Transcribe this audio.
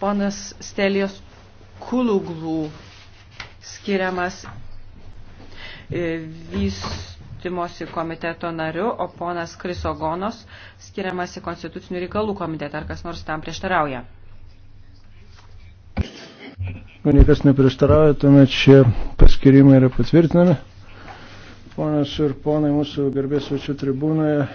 ponas Stelijos Kuluglų skiriamas e, vystimosi komiteto nariu, o ponas Krisogonos skiriamas į konstitucinių reikalų komitetą. Ar kas nors tam prieštarauja? Niekas neprieštarauja, tuomet šie paskirimai yra patvirtinami. Ponas ir ponai mūsų garbės svečių tribūnoje